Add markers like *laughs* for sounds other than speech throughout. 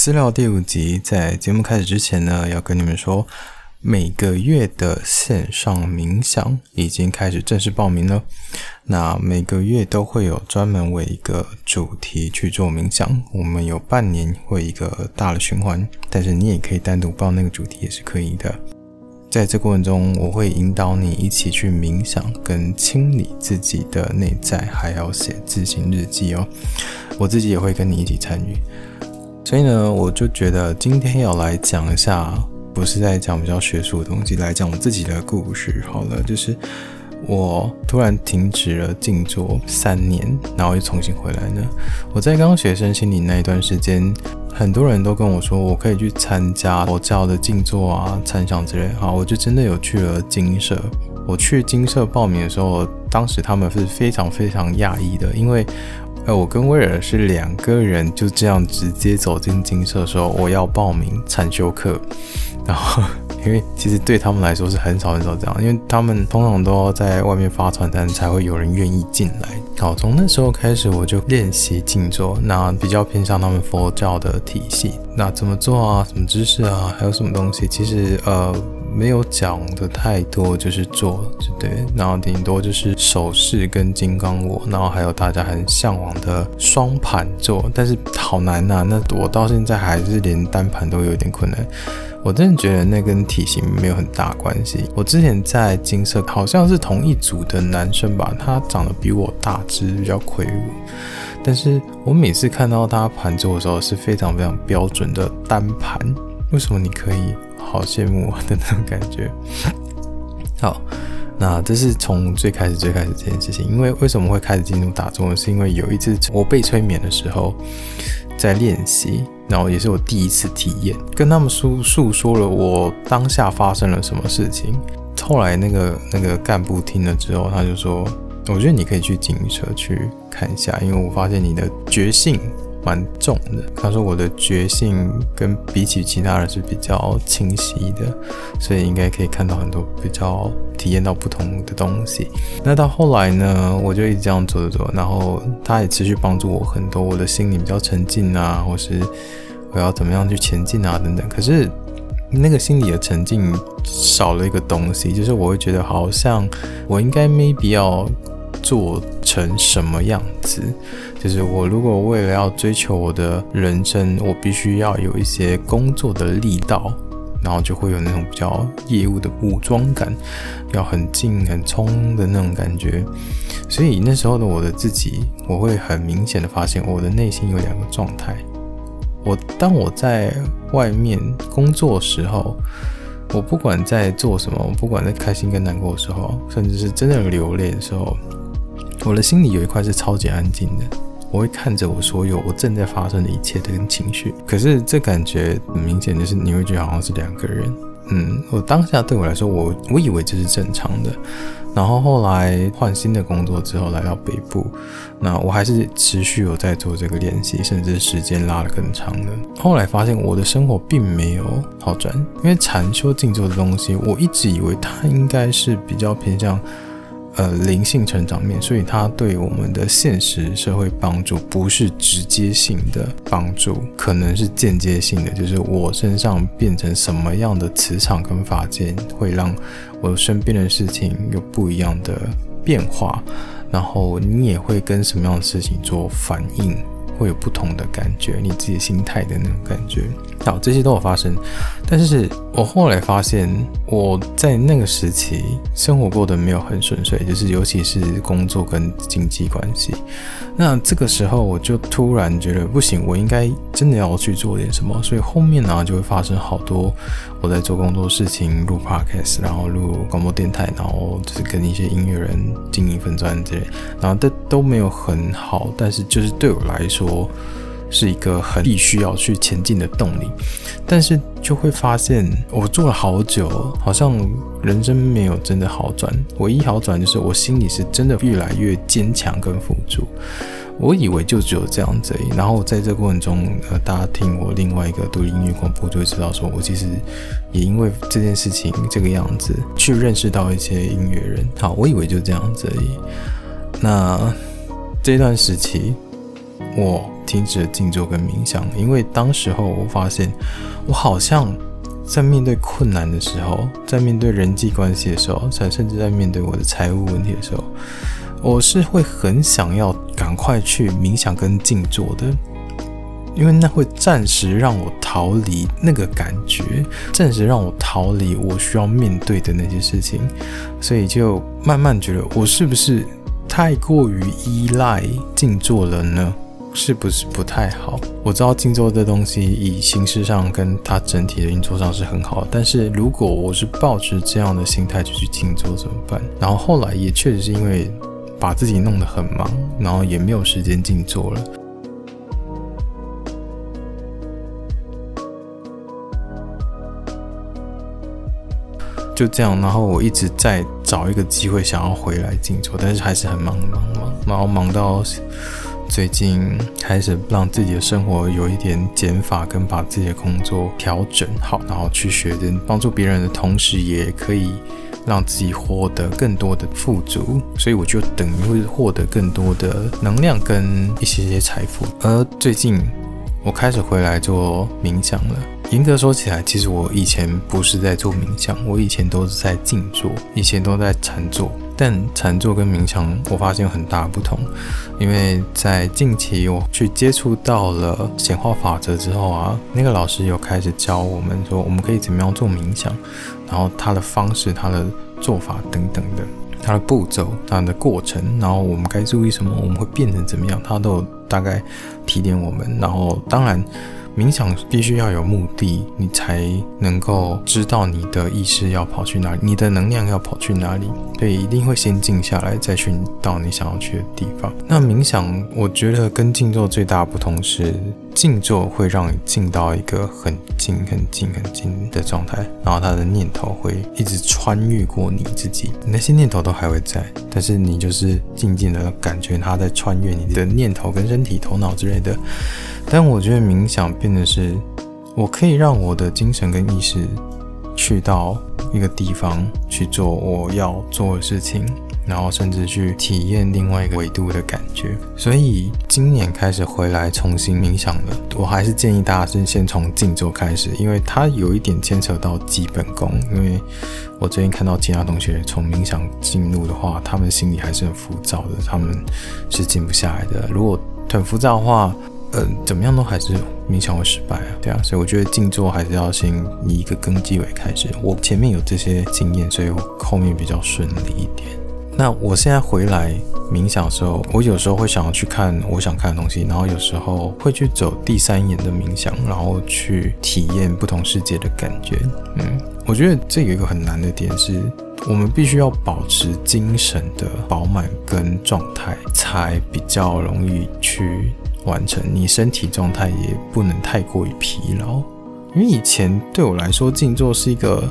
私聊第五集，在節目開始之前呢，要跟你們說，每個月的線上冥想已經開始正式報名了。那每個月都會有專門為一個主題去做冥想，我們有半年為一個大的循環，但是你也可以單獨報那個主題也是可以的。在這過程中，我會引導你一起去冥想，跟清理自己的內在，還要寫自省日記哦。我自己也會跟你一起參與。所以呢，我就覺得今天要來講一下，不是在講比較學術的東西，來講我自己的故事。好了，就是我突然停止了靜坐三年，然後又重新回來呢。我在剛學生心理那一段時間，很多人都跟我說，我可以去參加佛教的靜坐啊、參禪之類。好，我就真的有去了精舍。我去精舍報名的時候，當時他們是非常非常訝異的，因為。呃，我跟威爾是兩個人，就這樣直接走進精舍，說我要報名禪修課。然後，因為其實對他們來說是很少很少這樣，因為他們通常都在外面發傳單才會有人願意進來。好，從那時候開始，我就練習靜坐，那比較偏向他們佛教的體系。那怎麼做啊？什麼知識啊？還有什麼東西？其實呃。沒有講的太多，就是坐，對，然後頂多就是手勢跟金剛臥，然後還有大家很嚮往的雙盤坐，但是好難啊！那我到現在還是連單盤都有點困難，我真的覺得那跟體型沒有很大關係。我之前在金色，好像是同一組的男生吧，他長得比我大隻，比較魁梧，但是我每次看到他盤坐的時候，是非常非常標準的單盤。為什麼你可以？好羨慕我的那種感覺。好，那這是從最開始最開始這件事情，因為為什麼會開始進入打坐，是因為有一次我被催眠的時候在練習，然後也是我第一次體驗，跟他們訴訴說了我當下發生了什麼事情。後來那個那個幹部聽了之後，他就說：“我覺得你可以去靜坐去看一下，因為我發現你的決心蠻重的，他說我的覺性跟比起其他人是比較清晰的，所以應該可以看到很多比較體驗到不同的東西。那到後來呢，我就一直這樣做做做，然後他也持續幫助我很多，我的心裡比較沉靜啊，或是我要怎麼樣去前進啊等等。可是那個心裡的沉靜少了一個東西，就是我會覺得好像我應該沒必要。做成什麼樣子？就是我如果為了要追求我的人生，我必須要有一些工作的力道，然後就會有那種比較業務的武裝感，要很靜、很衝的那種感覺。所以那時候的我的自己，我會很明顯的發現我的，我的內心有兩個狀態。我當我在外面工作的時候，我不管在做什麼，我不管在開心跟難過的時候，甚至是真的流淚的時候，我的心裡有一塊是超級安靜的，我會看着我所有我正在發生的一切的跟情緒，可是這感覺很明顯，就是你會覺得好像是兩個人。嗯，我當下對我來說，我我以為這是正常的。然後後來換新的工作之後，來到北部，那我還是持續有在做這個練習，甚至時間拉得更長的。後來發現我的生活並沒有好轉，因為禪修靜坐的東西，我一直以為它應該是比較偏向。呃，靈性成長面，所以它對我們的現實社會幫助不是直接性的幫助，可能是間接性的。就是我身上變成什麼樣的磁場跟法界，會讓我身邊的事情有不一樣的變化，然後你也會跟什麼樣的事情做反應。會有不同的感覺，你自己心態的那種感覺。好，這些都有發生，但是我後來發現，我在那個時期生活過得沒有很順遂，就是尤其是工作跟經濟關係。那這個時候我就突然覺得不行，我應該真的要去做點什麼。所以後面呢啊，就會發生好多，我在做工作事情，錄 podcast，然後錄廣播電台，然後就是跟一些音樂人經營粉專之類，然後這都沒有很好，但是就是對我來說。是一個很必須要去前進的動力，但是就會發現我做了好久了，好像人生沒有真的好轉。唯一好轉就是我心裡是真的越來越堅強跟付出。我以為就只有這樣子而已，然後在這個過程中，呃，大家聽我另外一個獨立音樂廣播就會知道，說我其實也因為這件事情這個樣子去認識到一些音樂人。好，我以為就這樣子而已。那這段時期。我停止了靜坐跟冥想，因為當時候我發現，我好像在面對困難的時候，在面對人際關係的時候，才甚至在面對我的財務問題的時候，我是會很想要趕快去冥想跟靜坐的，因為那會暫時讓我逃離那個感覺，暫時讓我逃離我需要面對的那些事情，所以就慢慢覺得我是不是太過於依賴靜坐了呢？是不是不太好？我知道靜坐這東西，以形式上跟它整體的運作上是很好，但是如果我是抱着這樣的心態就去靜坐怎麼辦？然後後來也確實是因為把自己弄得很忙，然後也沒有時間靜坐了，就這樣。然後我一直在找一個機會想要回來靜坐，但是還是很忙忙忙，然後忙到。最近開始讓自己的生活有一點減法，跟把自己的工作調整好，然後去學着幫助別人的同時，也可以讓自己獲得更多的富足。所以我就等於會獲得更多的能量跟一些些財富。而最近我開始回來做冥想了。嚴格說起來，其實我以前不是在做冥想，我以前都是在靜坐，以前都在禪坐。但禪坐跟冥想，我發現有很大的不同。因為在近期我去接觸到了顯化法則之後啊，那個老師又開始教我們說，我們可以怎麼樣做冥想，然後他的方式、他的做法等等的，他的步驟、他的過程，然後我們該注意什麼，我們會變成怎麼樣，他都有大概提點我們。然後當然。冥想必須要有目的，你才能夠知道你的意識要跑去哪裡，你的能量要跑去哪裡。所以一定會先靜下來，再去到你想要去的地方。那冥想，我覺得跟靜坐最大不同是，靜坐會讓你進到一個很靜、很靜、很靜的狀態，然後他的念頭會一直穿越過你自己，你那些念頭都還會在，但是你就是靜靜的感覺他在穿越你的念頭跟身體、頭腦之類的。但我覺得冥想變的是，我可以讓我的精神跟意識去到一個地方，去做我要做的事情，然後甚至去體驗另外一個維度的感覺。所以今年開始回來重新冥想了，我還是建議大家是先從靜坐開始，因為它有一點牽扯到基本功。因為我最近看到其他同學從冥想進入的話，他們心裡還是很浮躁的，他們是靜不下來的。如果很浮躁的話，嗯、呃，怎麼樣都還是冥想會失敗啊？對啊，所以我覺得靜坐還是要先以一個根基為開始。我前面有這些經驗，所以我後面比較順利一點。那我現在回來冥想的時候，我有時候會想要去看我想看的東西，然後有時候會去走第三眼的冥想，然後去體驗不同世界的感覺。嗯，我覺得這有一個很難的點是，我們必須要保持精神的飽滿跟狀態，才比較容易去。完成，你身體狀態也不能太過於疲勞，因為以前對我來說，靜坐是一個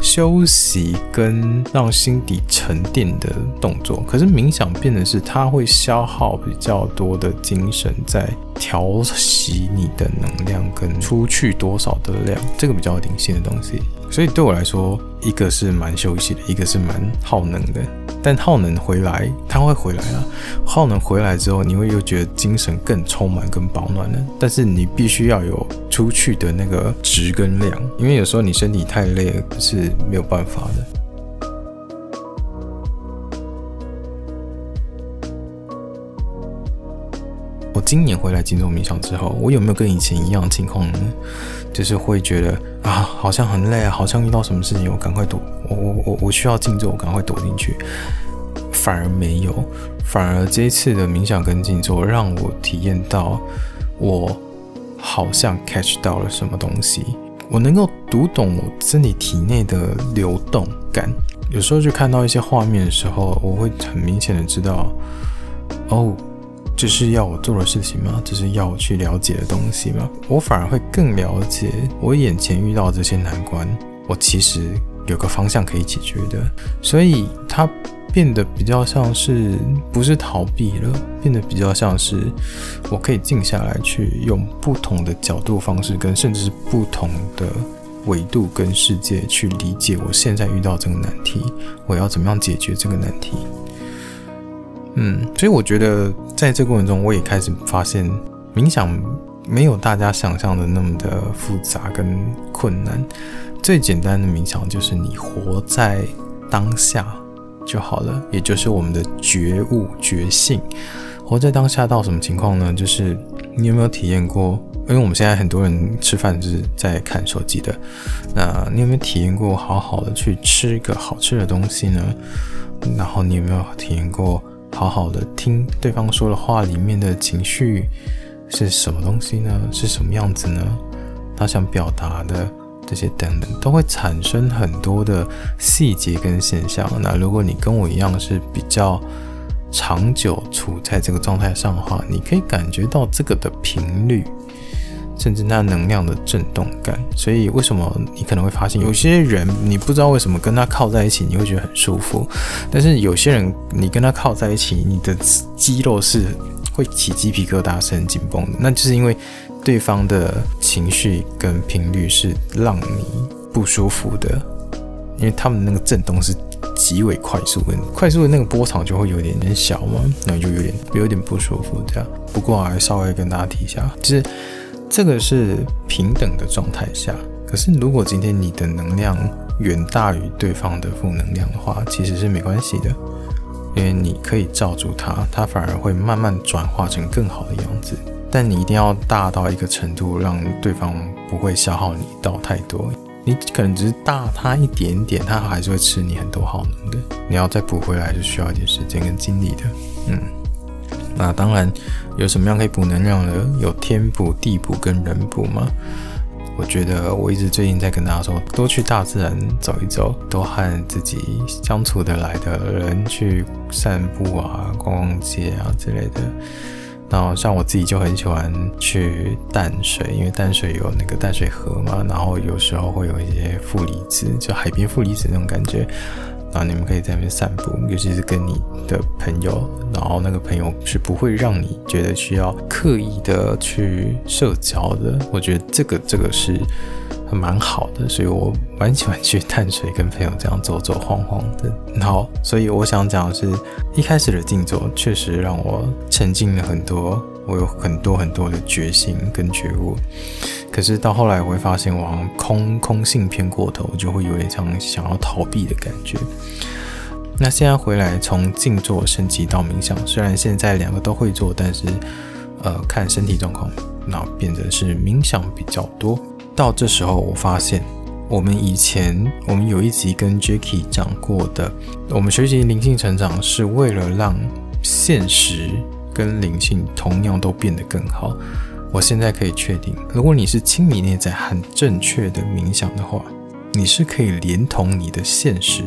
休息跟讓心底沉澱的動作，可是冥想變的是它會消耗比較多的精神在調息你的能量跟出去多少的量，這個比較靈性的東西。所以對我來說，一個是蠻休息的，一個是蠻耗能的。但耗能回來，它會回來啊。耗能回來之後，你會又覺得精神更充滿跟飽滿了。但是你必須要有出去的那個值跟量，因為有時候你身體太累是沒有辦法的。今年回來靜坐冥想之後，我有沒有跟以前一樣的情況呢？就是會覺得啊，好像很累，好像遇到什麼事情，我趕快躲，我我我我需要靜坐，我趕快躲進去。反而沒有，反而這次的冥想跟靜坐，讓我體驗到，我好像 catch 到了什麼東西，我能夠讀懂我自己體內的流動感。有時候去看到一些畫面的時候，我會很明顯的知道，哦。這是要我做的事情嗎？這是要我去了解的東西嗎？我反而會更了解我眼前遇到這些難關，我其實有個方向可以解決的，所以它變得比較像是不是逃避了，變得比較像是我可以靜下來去用不同的角度、方式跟甚至是不同的維度跟世界去理解我現在遇到這個難題，我要怎麼樣解決這個難題？嗯，所以我覺得，在這過程中，我也開始發現，冥想沒有大家想象的那麼的複雜跟困難。最簡單的冥想就是你活在當下就好了，也就是我們的覺悟覺性，活在當下到什麼情況呢？就是你有沒有體驗過？因為我們現在很多人吃飯就是在看手機的，那你有沒有體驗過好好的去吃一個好吃的東西呢？然後你有沒有體驗過？好好的聽對方說的話裡面的情緒是什麼東西呢？是什麼樣子呢？他想表達的這些等等，都會產生很多的細節跟現象。那如果你跟我一樣是比較長久處在這個狀態上的話，你可以感覺到這個的頻率。甚至那能量的震動感，所以為什麼你可能會發現有些人你不知道為什麼跟他靠在一起你會覺得很舒服，但是有些人你跟他靠在一起，你的肌肉是會起雞皮疙瘩是很緊繃的，那就是因為對方的情緒跟頻率是讓你不舒服的，因為他們那個震動是極為快速的，快速的那個波長就會有點點小嘛，那你就有點有點不舒服這樣。不過還稍微跟大家提一下，就是。這個是平等的狀態下，可是如果今天你的能量遠大於對方的負能量的話，其實是沒關係的，因為你可以罩住它，它反而會慢慢轉化成更好的樣子。但你一定要大到一個程度，讓對方不會消耗你到太多。你可能只是大他一點點，他還是會吃你很多耗能的。你要再補回來，是需要一點時間跟精力的。嗯。那當然，有什麼樣可以補能量的？有天補、地補跟人補嗎？我覺得我一直最近在跟大家說，多去大自然走一走，多和自己相處得來的人去散步啊、逛逛街啊之類的。那像我自己就很喜歡去淡水，因為淡水有那個淡水河嘛，然後有時候會有一些負離子，就海邊負離子那種感覺。然後你們可以在那邊散步，尤其是跟你的朋友，然後那個朋友是不會讓你覺得需要刻意的去社交的。我覺得這個這個是還蠻好的，所以我蠻喜歡去淡水跟朋友這樣走走晃晃的。然後，所以我想講的是一開始的靜坐確實讓我沉浸了很多。我有很多很多的決心跟覺悟，可是到後來我會發現，我好像空空性偏過頭，就會有點像想要逃避的感覺。那現在回來，從靜坐升級到冥想，雖然現在兩個都會做，但是呃，看身體狀況，那變成是冥想比較多。到這時候，我發現我們以前我們有一集跟 Jackie 講過的，我們學習靈性成長是為了讓現實，跟靈性同樣都變得更好。我現在可以確定，如果你是清理內在很正確的冥想的話，你是可以連同你的現實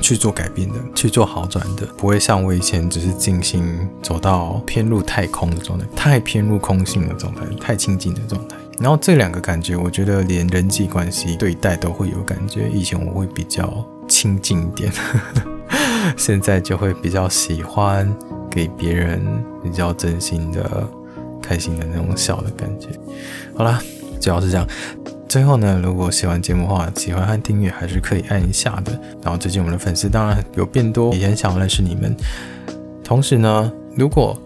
去做改變的，去做好轉的，不會像我以前只是進行走到偏入太空的狀態，太偏入空性的狀態，太清靜的狀態。然後這兩個感覺，我覺得連人際關係對待都會有感覺。以前我會比較清淨一點， *laughs* 現在就會比較喜歡。給別人比較真心的、開心的那種笑的感覺。好啦，主要是這樣。最後呢，如果喜歡節目的話，喜歡和訂閱還是可以按一下的。然後最近我們的粉絲當然有變多，也很想認識你們。同時呢，如果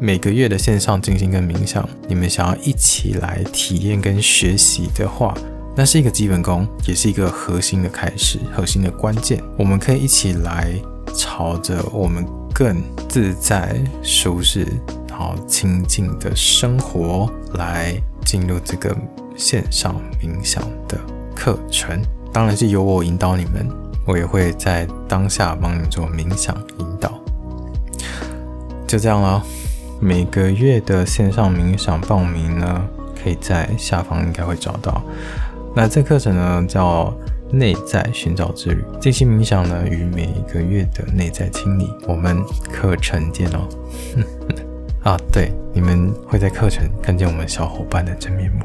每個月的線上靜心跟冥想，你們想要一起來體驗跟學習的話，那是一個基本功，也是一個核心的開始，核心的關鍵。我們可以一起來朝着我們。更自在、舒適，然後清靜的生活，來進入這個線上冥想的課程。當然是由我引導你們，我也會在當下幫你做冥想引導。就這樣嘍、啊，每個月的線上冥想報名呢，可以在下方應該會找到。那這課程呢，叫……內在尋找之旅，靜心冥想呢，與每一個月的內在清理，我們課程見哦。 *laughs* 啊，對，你們會在課程看見我們小夥伴的真面目。